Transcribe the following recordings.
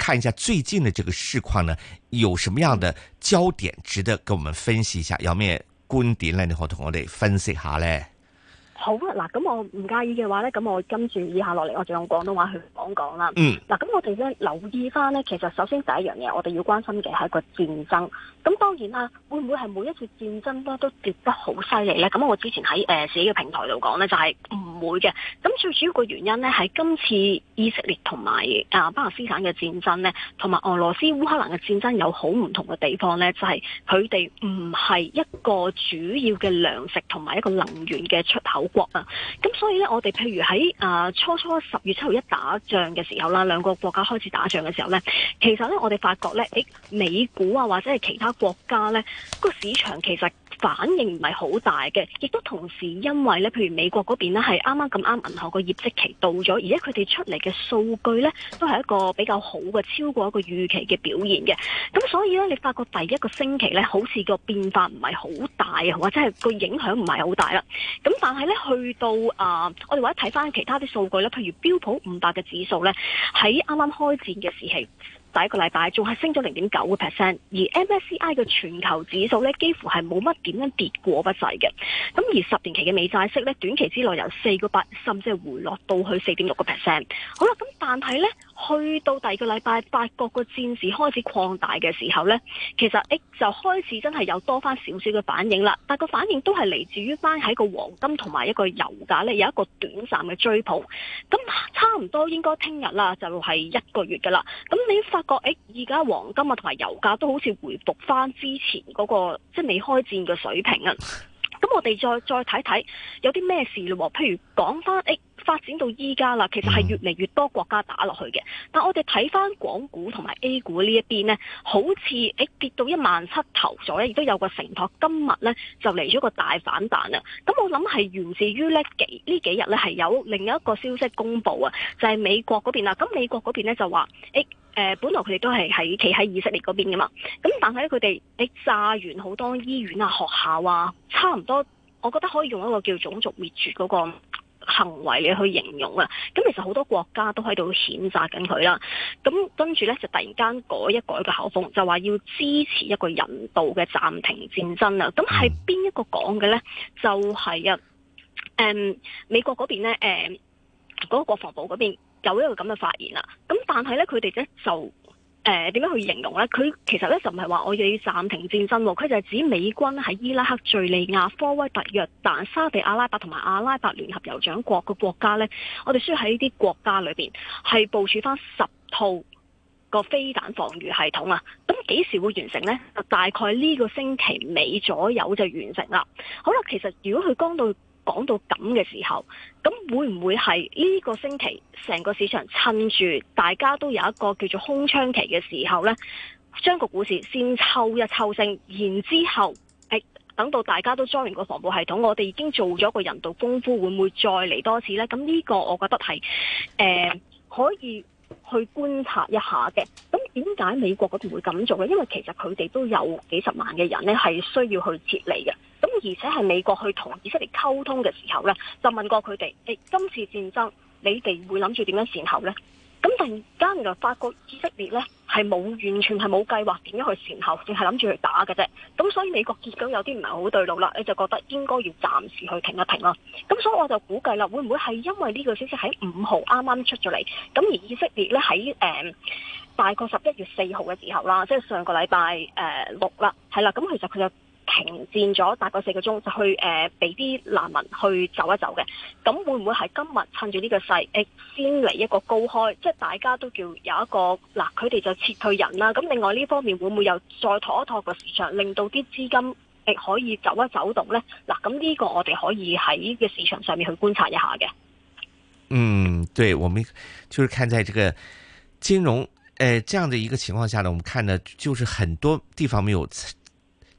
看一下最近的這個市況呢，有什麼樣的焦點值得跟我們分析一下？有沒有？觀點來的話，同我得分析下嘞。好嗱，咁我唔介意嘅話咧，咁我跟住以下落嚟，我就用廣東話去講講啦。嗱、嗯，咁我哋咧留意翻咧，其實首先第一樣嘢，我哋要關心嘅係一個戰爭。咁當然啦，會唔會係每一次戰爭咧都跌得好犀利咧？咁我之前喺、呃、自己嘅平台度講咧，就係、是、唔會嘅。咁最主要個原因咧，喺今次以色列同埋呃巴勒斯坦嘅戰爭咧，同埋俄羅斯烏克蘭嘅戰爭有好唔同嘅地方咧，就係佢哋唔係一個主要嘅糧食同埋一個能源嘅出口國啊，咁所以咧，我哋譬如喺啊初初十月七號一打仗嘅時候啦，兩個國家開始打仗嘅時候咧，其實咧，我哋發覺咧，誒，美股啊，或者係其他國家咧，個市場其實。反應唔係好大嘅，亦都同時因為咧，譬如美國嗰邊咧係啱啱咁啱銀行個業績期到咗，而家佢哋出嚟嘅數據咧都係一個比較好嘅，超過一個預期嘅表現嘅。咁所以咧，你發覺第一個星期咧，好似個變化唔係好大，或者係個影響唔係好大啦。咁但係咧，去到啊、呃，我哋或者睇翻其他啲數據咧，譬如標普五百嘅指數咧，喺啱啱開戰嘅時期。第一個禮拜仲係升咗零點九個 percent，而 MSCI 嘅全球指數咧幾乎係冇乜點樣跌過不濟嘅。咁而十年期嘅美債息咧短期之內由四個八甚至係回落到去四點六個 percent，好啦，咁但係咧去到第二個禮拜八國個戰事開始擴大嘅時候咧，其實誒就開始真係有多翻少少嘅反應啦，但個反應都係嚟自於翻喺個黃金同埋一個油價咧有一個短暫嘅追捧，咁。差唔多應該聽日啦，就係一個月噶啦。咁你發覺，誒、哎，而家黃金啊同埋油價都好似回復翻之前嗰、那個即係、就是、未開戰嘅水平啊。咁我哋再再睇睇有啲咩事咯？譬如講翻，誒、欸、發展到依家啦，其實係越嚟越多國家打落去嘅。但我哋睇翻港股同埋 A 股呢一邊呢，好似誒、欸、跌到一萬七頭咗咧，亦都有個承托。今日呢，就嚟咗個大反彈啦。咁我諗係源自於呢幾呢幾日呢，係有另一一個消息公布啊，就係、是、美國嗰邊啦。咁美國嗰邊呢，就話誒，誒、呃、本來佢哋都係喺企喺以色列嗰邊噶嘛，咁但係佢哋誒炸完好多醫院啊、學校啊。差唔多，我覺得可以用一個叫種族滅絕嗰個行為嚟去形容啊。咁其實好多國家都喺度譴責緊佢啦。咁跟住呢，就突然間改一個改一個口風，就話要支持一個人道嘅暫停戰爭啦。咁係邊一個講嘅呢？就係、是、啊、嗯，美國嗰邊呢，嗰、嗯嗰個國防部嗰邊有一個咁嘅發言啦。咁但係呢，佢哋呢就。誒、呃，點樣去形容呢？佢其實呢，就唔係話我要暫停戰爭，佢就係指美軍喺伊拉克、敘利亞、科威特、約旦、沙地阿拉伯同埋阿拉伯聯合酋長國嘅國家呢，我哋需要喺呢啲國家裏邊係部署翻十套個飛彈防禦系統啊！咁幾時會完成呢？就大概呢個星期尾左右就完成啦。好啦，其實如果佢講到，講到咁嘅時候，咁會唔會係呢個星期成個市場趁住大家都有一個叫做空窗期嘅時候呢？將個股市先抽一抽升，然之後等到大家都裝完個防暴系統，我哋已經做咗個人道功夫，會唔會再嚟多次呢？咁呢個我覺得係誒、呃、可以。去觀察一下嘅，咁點解美國嗰邊會咁做呢？因為其實佢哋都有幾十萬嘅人呢係需要去撤離嘅。咁而且係美國去同以色列溝通嘅時候呢，就問過佢哋：誒、欸，今次戰爭你哋會諗住點樣善後呢？」咁突然間，原來發覺以色列呢。係冇，完全係冇計劃點樣去善後，淨係諗住去打嘅啫。咁所以美國結果有啲唔係好對路啦，你就覺得應該要暫時去停一停啦。咁所以我就估計啦，會唔會係因為呢個消息喺五號啱啱出咗嚟，咁而以色列咧喺誒大概十一月四號嘅時候啦，即係上個禮拜誒六啦，係啦，咁其實佢就。停戰咗大概四個鐘就去誒，俾啲難民去走一走嘅。咁會唔會係今日趁住呢個勢誒，先嚟一個高開，即係大家都叫有一個嗱，佢哋就撤退人啦。咁另外呢方面會唔會又再拖一拖個市場，令到啲資金亦，呃、可以走一走動呢？嗱，咁呢個我哋可以喺個市場上面去觀察一下嘅。嗯，對，我們就是看在這個金融誒、呃、這樣的一個情況下呢，我們看呢，就是很多地方沒有。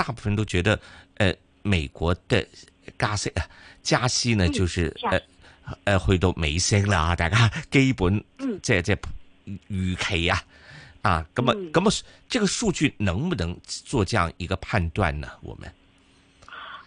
大部分都覺得，誒、呃，美國的加息啊，加息呢，就是誒誒，去、嗯呃、到尾聲啦。大家基本即係即係預期啊，啊，咁啊咁啊，嗯、這個數據能唔能做這樣一個判斷呢？我們誒、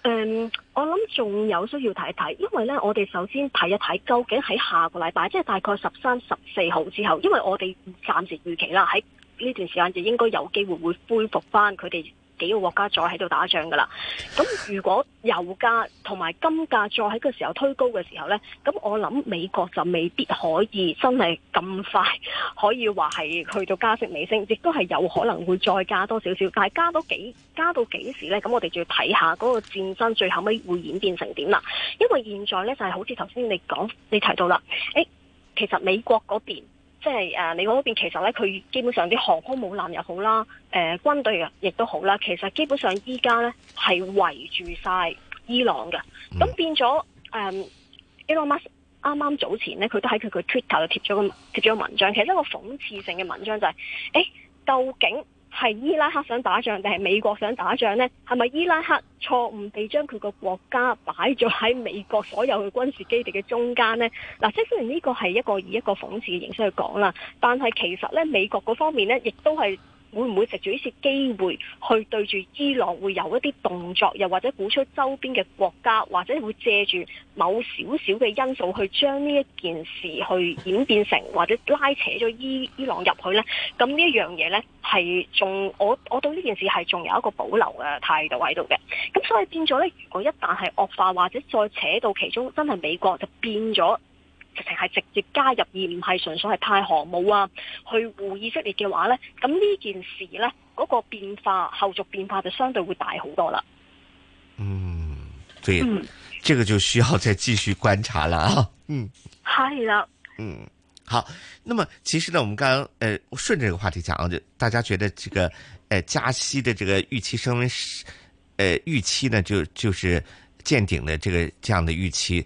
嗯，我諗仲有需要睇一睇，因為咧，我哋首先睇一睇究竟喺下個禮拜，即、就、係、是、大概十三、十四號之後，因為我哋暫時預期啦，喺呢段時間就應該有機會會恢復翻佢哋。幾個國家再喺度打仗噶啦，咁如果油價同埋金價再喺個時候推高嘅時候呢，咁我諗美國就未必可以真係咁快可以話係去到加息尾聲，亦都係有可能會再加多少少，但係加到幾加到幾時呢？咁我哋就要睇下嗰個戰爭最後尾會演變成點啦。因為現在呢，就係好似頭先你講你提到啦，誒，其實美國嗰邊。即係誒、啊，你嗰邊其實咧，佢基本上啲航空母艦又好啦，誒、呃，軍隊啊，亦都好啦。其實基本上依家咧係圍住晒伊朗嘅，咁變咗誒，Elon Musk 啱啱早前咧，佢都喺佢佢 Twitter 度貼咗個貼咗個文章，其實一個諷刺性嘅文章就係、是，誒、欸，究竟。係伊拉克想打仗定係美國想打仗呢？係咪伊拉克錯誤地將佢個國家擺咗喺美國所有嘅軍事基地嘅中間呢？嗱，嗯，即係雖然呢個係一個以一個諷刺嘅形式去講啦，但係其實呢，美國嗰方面呢，亦都係會唔會藉住呢次機會去對住伊朗會有一啲動作，又或者鼓吹周邊嘅國家，或者會借住某少少嘅因素去將呢一件事去演變成，或者拉扯咗伊伊朗入去呢？咁呢一樣嘢呢，係仲我我對呢件事係仲有一個保留嘅態度喺度嘅。咁所以變咗呢，如果一旦係惡化，或者再扯到其中，真係美國就變咗。直情係直接加入而唔係純粹係派航母啊，去護以色列嘅話呢。咁呢件事呢，嗰、那個變化後續變化就相對會大好多啦。嗯對，嗯，這個就需要再繼續觀察啦、啊。嗯，係啦。嗯，好。那麼其實呢，我們剛剛誒、呃、順着這個話題講，就大家覺得這個呃加息的這個預期升溫，呃預期呢就就是見頂的這個這樣的預期。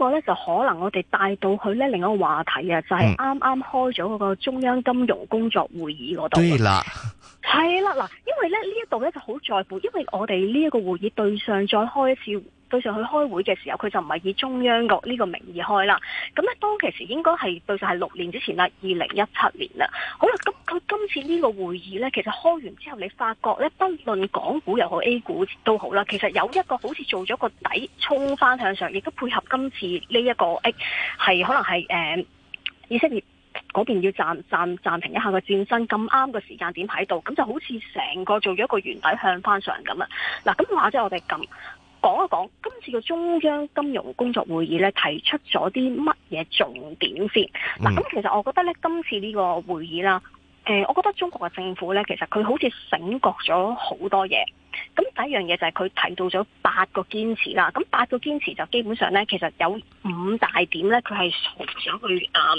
這個咧就可能我哋帶到去咧另一個話題啊，就係啱啱開咗嗰個中央金融工作會議嗰度。對啦，係啦。嗱，因為咧呢一度咧就好在乎，因為我哋呢一個會議對上再開一次。對上佢開會嘅時候，佢就唔係以中央嘅呢個名義開啦。咁咧，當其時應該係對上係六年之前啦，二零一七年啦。好啦，咁佢今次呢個會議呢，其實開完之後，你發覺呢，不論港股又好 A 股都好啦，其實有一個好似做咗個底衝翻向上，亦都配合今次呢、這、一個誒，係、哎、可能係誒以色列嗰邊要暫暫暫停一下個戰爭，咁啱個時間點喺度，咁就好似成個做咗一個圓底向翻上咁啦。嗱，咁或者我哋咁。講一講今次嘅中央金融工作會議咧，提出咗啲乜嘢重點先？嗱、嗯，咁其實我覺得咧，今次呢個會議啦，誒、呃，我覺得中國嘅政府咧，其實佢好似醒覺咗好多嘢。咁第一樣嘢就係佢提到咗八個堅持啦。咁八個堅持就基本上咧，其實有五大點咧，佢係想去啊，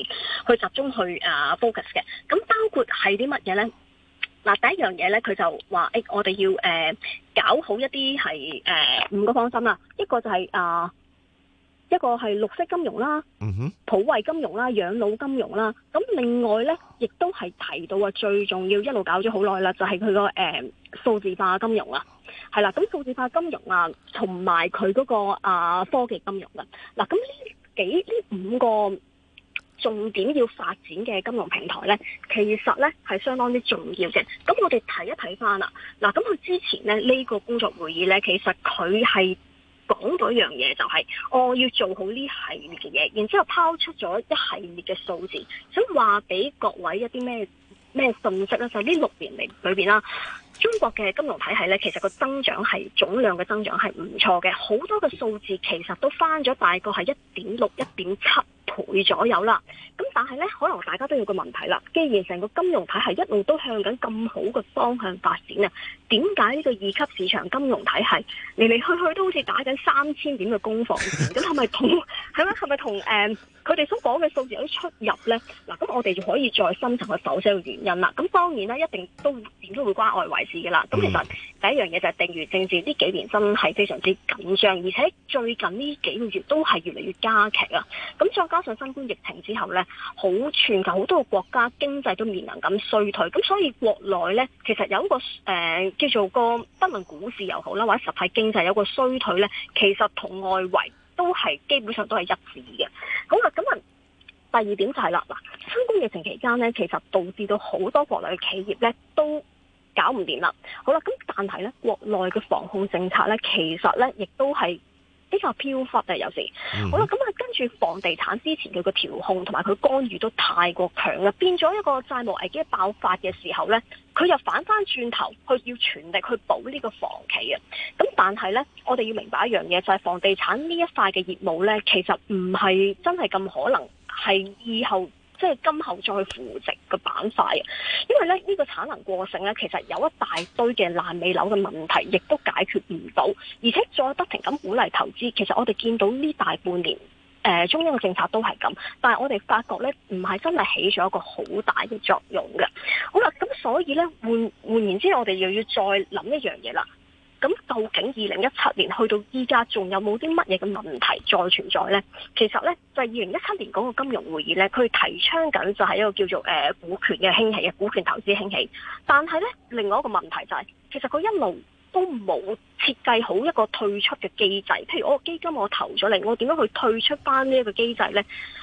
去集中去啊 focus 嘅。咁包括係啲乜嘢咧？嗱，第一樣嘢咧，佢就話，誒，我哋要誒搞好一啲係誒五個方針啦，一個就係啊，一個係綠色金融啦，嗯哼，普惠金融啦，養老金融啦，咁另外咧，亦都係提到話最重要，一路搞咗好耐啦，就係佢個誒數字化金融啊，係啦，咁數字化金融啊，同埋佢嗰個啊科技金融啦，嗱，咁呢幾呢五個。重點要發展嘅金融平台呢，其實呢係相當之重要嘅。咁我哋睇一睇翻啦，嗱，咁佢之前咧呢、呢個工作會議呢，其實佢係講咗一樣嘢、就係，就係我要做好呢系列嘅嘢，然之後拋出咗一系列嘅數字，想話俾各位一啲咩咩信息呢？就係、係、呢六年嚟裏邊啦。中國嘅金融體系呢，其實個增長係總量嘅增長係唔錯嘅，好多嘅數字其實都翻咗大概係一點六、一點七倍左右啦。咁但係呢，可能大家都有個問題啦。既然成個金融體系一路都向緊咁好嘅方向發展啊，點解呢個二級市場金融體系嚟嚟去去都好似打緊三千點嘅攻防戰？咁係咪同，咁係咪同誒佢哋所講嘅數字有啲出入咧？嗱，咁我哋就可以再深層去剖析個原因啦。咁當然啦，一定都點都會關外圍事嘅啦。咁其實第一樣嘢就係地緣政治，呢幾年真係非常之緊張，而且最近呢幾個月都係越嚟越加劇啊。咁再加上新冠疫情之後咧，好全球好多個國家經濟都面臨緊衰退，咁所以國內咧其實有一個誒、呃、叫做個，不論股市又好啦，或者實體經濟有個衰退咧，其實同外圍。都係基本上都係一致嘅，好啦，咁啊第二點就係啦，嗱，新冠疫情期間咧，其實導致到好多國內嘅企業咧都搞唔掂啦，好啦，咁但係咧國內嘅防控政策咧，其實咧亦都係。比較飄忽呀有時，mm -hmm. 好啦，咁啊跟住房地產之前佢個調控同埋佢干預都太過強啦，變咗一個債務危機爆發嘅時候呢，佢又反翻轉頭去要全力去補呢個房企呀，咁但係呢，我哋要明白一樣嘢，就係、是、房地產呢一塊嘅業務呢，其實唔係真係咁可能係以後。即係今後再去扶植個板塊嘅，因為咧呢個產能過剩咧，其實有一大堆嘅爛尾樓嘅問題，亦都解決唔到，而且再不停咁鼓勵投資，其實我哋見到呢大半年誒中央嘅政策都係咁，但係我哋發覺咧唔係真係起咗一個好大嘅作用嘅。好啦，咁所以咧換換言之，我哋又要再諗一樣嘢啦。咁究竟二零一七年去到依家仲有冇啲乜嘢嘅問題再存在呢？其實呢，就係二零一七年嗰個金融會議呢，佢提倡緊就係一個叫做誒股權嘅興起嘅股權投資興起，但係呢，另外一個問題就係，其實佢一路都冇設計好一個退出嘅機制，譬如我基金我投咗嚟，我點樣去退出翻呢一個機制呢？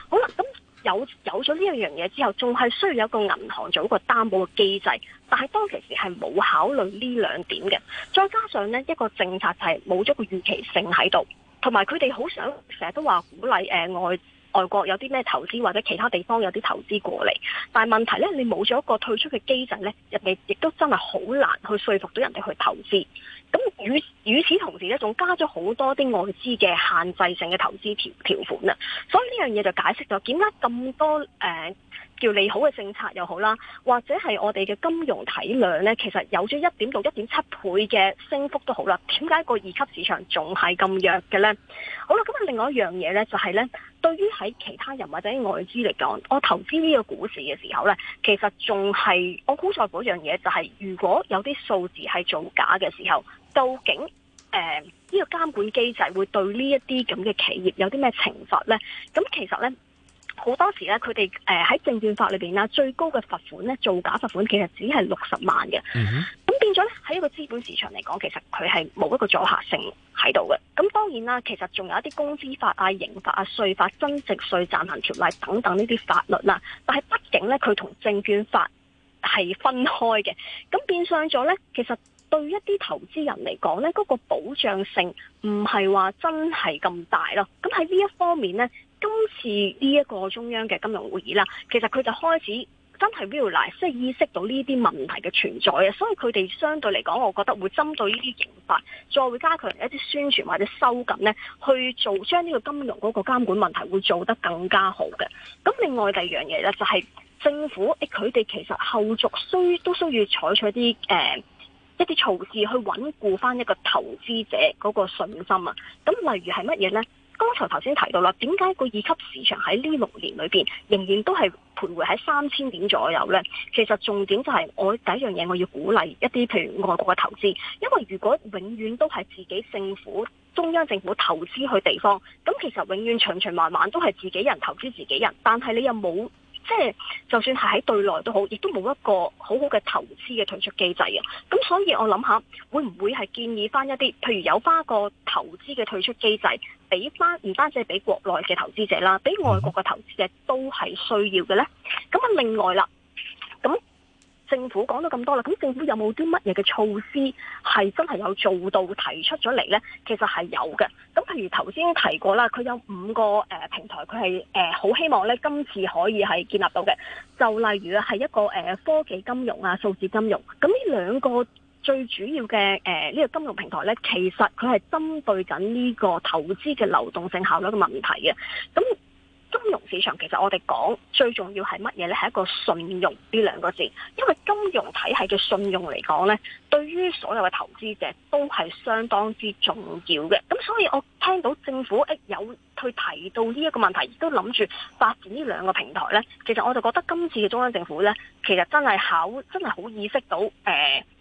好啦，咁。有有咗呢一樣嘢之後，仲係需要有一個銀行做一個擔保嘅機制，但係當其時係冇考慮呢兩點嘅，再加上呢一個政策就係冇咗個預期性喺度，同埋佢哋好想成日都話鼓勵誒、呃、外外國有啲咩投資或者其他地方有啲投資過嚟，但係問題呢，你冇咗一個退出嘅機制呢，人哋亦都真係好難去說服到人哋去投資。咁與與此同時咧，仲加咗好多啲外資嘅限制性嘅投資條條款啊！所以呢樣嘢就解釋咗點解咁多誒、呃、叫利好嘅政策又好啦，或者係我哋嘅金融體量咧，其實有咗一點到一點七倍嘅升幅都好啦。點解個二級市場仲係咁弱嘅咧？好啦，咁啊，另外一樣嘢咧，就係、是、咧，對於喺其他人或者外資嚟講，我投資呢個股市嘅時候咧，其實仲係我估錯一樣嘢，就係如果有啲數字係造假嘅時候。究竟誒呢個監管機制會對呢一啲咁嘅企業有啲咩懲罰呢？咁其實呢，好多時呢，佢哋誒喺證券法裏面啦，最高嘅罰款呢，造假罰款其實只係六十萬嘅。咁、嗯、變咗呢，喺一個資本市場嚟講，其實佢係冇一個阻嚇性喺度嘅。咁當然啦，其實仲有一啲公司法啊、刑法啊、稅法、增值稅暫行條例等等呢啲法律啦、啊。但係畢竟呢，佢同證券法係分開嘅。咁變相咗呢，其實。對一啲投資人嚟講呢，嗰個保障性唔係話真係咁大咯。咁喺呢一方面呢，今次呢一個中央嘅金融會議啦，其實佢就開始真係 realize，即係意識到呢啲問題嘅存在啊。所以佢哋相對嚟講，我覺得會針對呢啲刑法，再會加強一啲宣傳或者收緊呢去做將呢個金融嗰個監管問題會做得更加好嘅。咁另外第二樣嘢呢，就係政府誒，佢哋其實後續需都需要採取一啲誒。呃一啲措施去穩固翻一個投資者嗰個信心啊！咁例如係乜嘢呢？剛才頭先提到啦，點解個二級市場喺呢六年裏邊仍然都係徘徊喺三千點左右呢？其實重點就係、是、我第一樣嘢，我要鼓勵一啲譬如外國嘅投資，因為如果永遠都係自己政府中央政府投資去地方，咁其實永遠長長慢慢都係自己人投資自己人，但係你又冇。即係就算係喺對內都好，亦都冇一個好好嘅投資嘅退出機制啊！咁所以我諗下，會唔會係建議翻一啲，譬如有翻個投資嘅退出機制，俾翻唔單止係俾國內嘅投資者啦，俾外國嘅投資者都係需要嘅咧。咁啊，另外啦。政府講到咁多啦，咁政府有冇啲乜嘢嘅措施係真係有做到提出咗嚟呢？其實係有嘅。咁譬如頭先提過啦，佢有五個、呃、平台，佢係好希望呢今次可以係建立到嘅。就例如係一個、呃、科技金融啊、數字金融，咁呢兩個最主要嘅呢、呃呢個金融平台呢，其實佢係針對緊呢個投資嘅流動性效率嘅問題嘅。咁金融市場，其實我哋講最重要係乜嘢呢？係一個信用呢，兩個字，因為金融體系嘅信用嚟講呢，對於所有嘅投資者都係相當之重要嘅。咁所以我聽到政府誒有去提到呢一個問題，亦都諗住發展呢兩個平台呢，其實我就覺得今次嘅中央政府呢，其實真係考真係好意識到誒。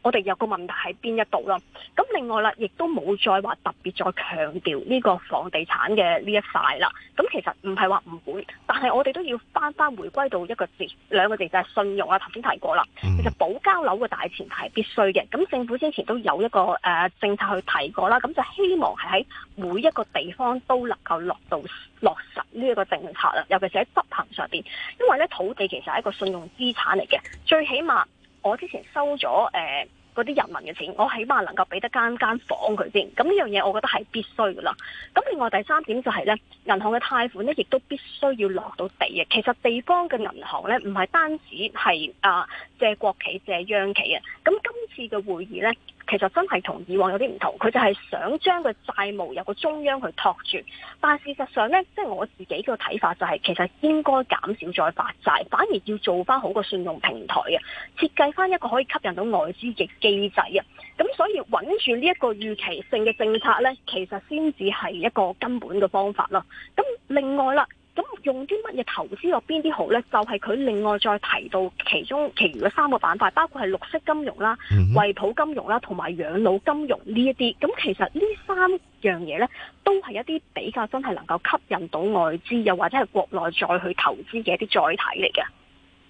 我哋有個問題喺邊一度囉。咁另外啦，亦都冇再話特別再強調呢個房地產嘅呢一塊啦。咁其實唔係話唔會，但係我哋都要翻翻回歸到一個字，兩個字就係信用啊。頭先提過啦，其實保交樓嘅大前提係必須嘅。咁政府先前都有一個、呃、政策去提過啦，咁就希望係喺每一個地方都能夠落到落實呢一個政策啦。尤其是喺執行上邊。因為咧土地其實係一個信用資產嚟嘅，最起碼我之前收咗、呃嗰啲人民嘅錢，我起碼能夠俾得間間房佢先，咁呢樣嘢我覺得係必須嘅喇。咁另外第三點就係呢，銀行嘅貸款呢，亦都必須要落到地嘅。其實地方嘅銀行呢，唔係單止係啊借國企、借央企啊。咁今次嘅會議呢，其實真係同以往有啲唔同，佢就係想將個債務由個中央去托住，但事實上呢，即係我自己嘅睇法就係，其實應該減少再發債，反而要做翻好個信用平台啊，設計翻一個可以吸引到外資嘅機制啊，咁所以穩住呢一個預期性嘅政策呢，其實先至係一個根本嘅方法咯。咁另外啦。咁用啲乜嘢投資落邊啲好呢？就係、是、佢另外再提到其中，其餘嘅三個板塊，包括係綠色金融啦、普惠金融啦，同埋養老金融呢一啲。咁其實呢三樣嘢呢，都係一啲比較真係能夠吸引到外資，又或者係國內再去投資嘅一啲載體嚟嘅。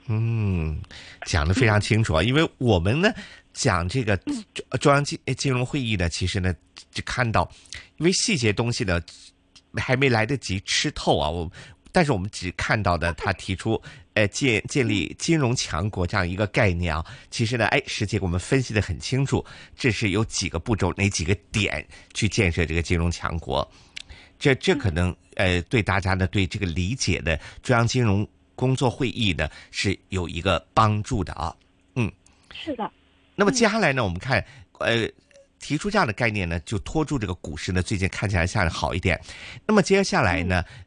嗯，講得非常清楚啊！因為我們呢，講這個中央金金融會議呢，其實呢，就看到因為細節東西呢，還沒嚟得及吃透啊，我。但是我們只看到的，他提出，呃，建建立金融強國這樣一個概念啊，其實呢，哎，實際我們分析得很清楚，這是有幾個步驟，哪幾個點去建設這個金融強國，這這可能呃，對大家呢，對這個理解的中央金融工作會議呢，是有一個幫助的啊，嗯，是的。那麼接下來呢，我們看，呃，提出這樣的概念呢，就拖住這個股市呢，最近看起來像是好一點。那麼接下來呢，嗯。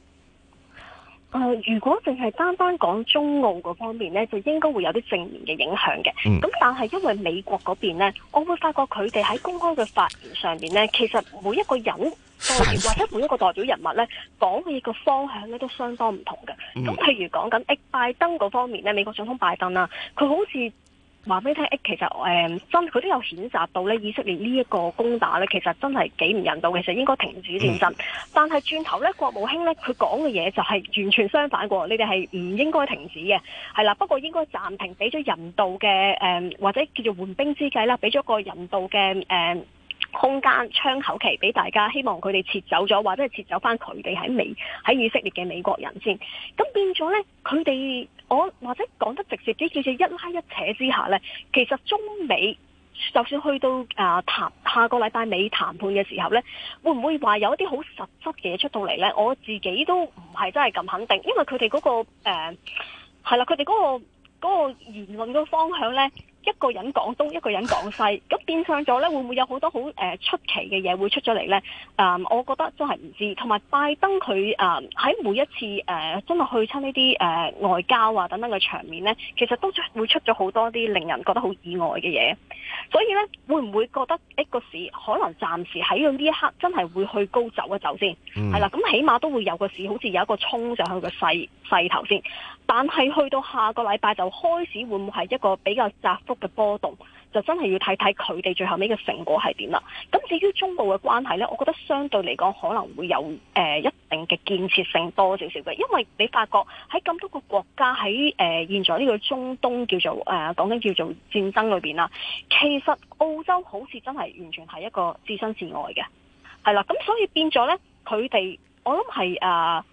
誒、呃，如果淨係單單講中澳嗰方面咧，就應該會有啲正面嘅影響嘅。咁、嗯、但係因為美國嗰邊咧，我會發覺佢哋喺公開嘅發言上面咧，其實每一個人 或者每一個代表人物咧，講嘅嘢嘅方向咧，都相當唔同嘅。咁、嗯、譬如講緊誒拜登嗰方面咧，美國總統拜登啦、啊，佢好似，話俾你聽，誒，其實，誒、嗯，真佢都有譴責到咧，以色列呢一個攻打咧，其實真係幾唔人道嘅，其實應該停止戰爭。但係轉頭咧，國務卿咧，佢講嘅嘢就係完全相反過。你哋係唔應該停止嘅，係啦。不過應該暫停，俾咗人道嘅，誒、嗯，或者叫做緩兵之計啦，俾咗個人道嘅，誒、嗯，空間窗口期俾大家，希望佢哋撤走咗，或者係撤走翻佢哋喺美喺以色列嘅美國人先。咁變咗咧，佢哋。我或者講得直接啲，叫做一拉一扯之下呢，其實中美就算去到、啊、談、下個禮拜尾談判嘅時候呢，會唔會話有一啲好實質嘢出到嚟呢？我自己都唔係真係咁肯定，因為佢哋嗰個誒係、呃、啦，佢哋嗰個嗰、嗰個言論嘅方向呢。一個人講東，一個人講西，咁變相咗呢，會唔會有好多好、呃、出奇嘅嘢會出咗嚟呢、呃？我覺得真係唔知。同埋拜登佢喺、呃、每一次真係、呃、去親呢啲外交啊等等嘅場面呢，其實都出會出咗好多啲令人覺得好意外嘅嘢。所以呢，會唔會覺得一個市可能暫時喺呢一刻真係會去高走一走先？係、嗯、啦，咁起碼都會有個市好似有一個衝上去個勢，勢頭先。但係去到下個禮拜就開始會唔會係一個比較窄嘅波動就真係要睇睇佢哋最後尾嘅成果係點啦。咁至於中澳嘅關係呢，我覺得相對嚟講可能會有誒、呃、一定嘅建設性多少少嘅，因為你發覺喺咁多個國家喺誒、呃、現在呢個中東叫做誒講緊叫做戰爭裏邊啦，其實澳洲好似真係完全係一個置身事外嘅，係啦。咁所以變咗呢，佢哋我諗係誒。呃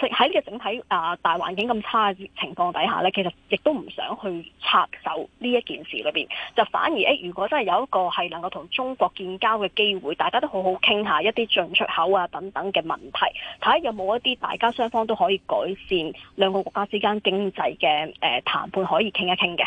喺呢個整體啊，大環境咁差嘅情況底下呢，其實亦都唔想去插手呢一件事裏邊，就反而誒，如果真係有一個係能夠同中國建交嘅機會，大家都好好傾下一啲進出口啊等等嘅問題，睇下有冇一啲大家雙方都可以改善兩個國家之間經濟嘅誒談判可以傾一傾嘅。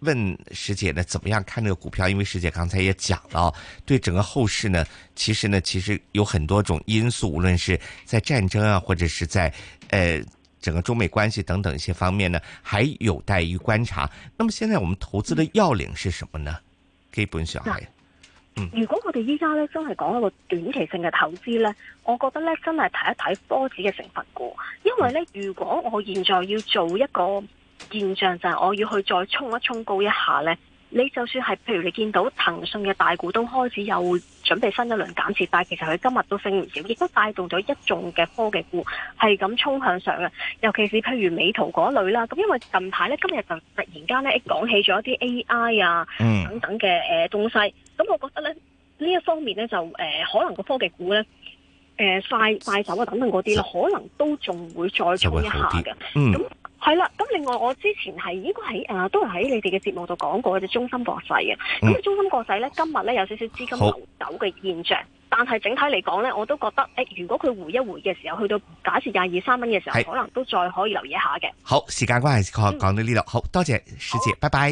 問十姐呢，怎麼樣看呢個股票？因為十姐剛才也講了對整個後市呢，其實呢，其實有很多種因素，無論是在戰爭啊，或者是在，呃整個中美關係等等一些方面呢，還有待於觀察。那麼現在我們投資的要領是什麼呢？基本上係。」嗯，如果我哋依家呢，真係講一個短期性嘅投資呢，我覺得呢，真係睇一睇科指嘅成分股，因為呢，如果我現在要做一個。現象就係我要去再沖一沖高一下呢，你就算係譬如，你見到騰訊嘅大股東開始又準備新一輪減持，但係其實佢今日都升唔少，亦都帶動咗一眾嘅科技股係咁沖向上嘅。尤其是譬如美圖嗰類啦，咁因為近排呢，今日就突然間呢講起咗一啲 AI 啊等等嘅誒東西，咁、嗯、我覺得呢呢一方面呢，就誒、呃、可能個科技股呢，誒快快手啊等等嗰啲啦，可能都仲會再沖一下嘅。嗯嗯係啦，咁另外我之前係應該喺誒、啊、都喺你哋嘅節目度講過嘅，即中芯國際嘅。咁、嗯、中芯國際咧，今日咧有少少資金流走嘅現象，但係整體嚟講咧，我都覺得誒、欸，如果佢回一回嘅時候，去到假設廿二三蚊嘅時候，可能都再可以留意一下嘅。好，時間關係，講到呢度，嗯，好多謝十姐，拜拜。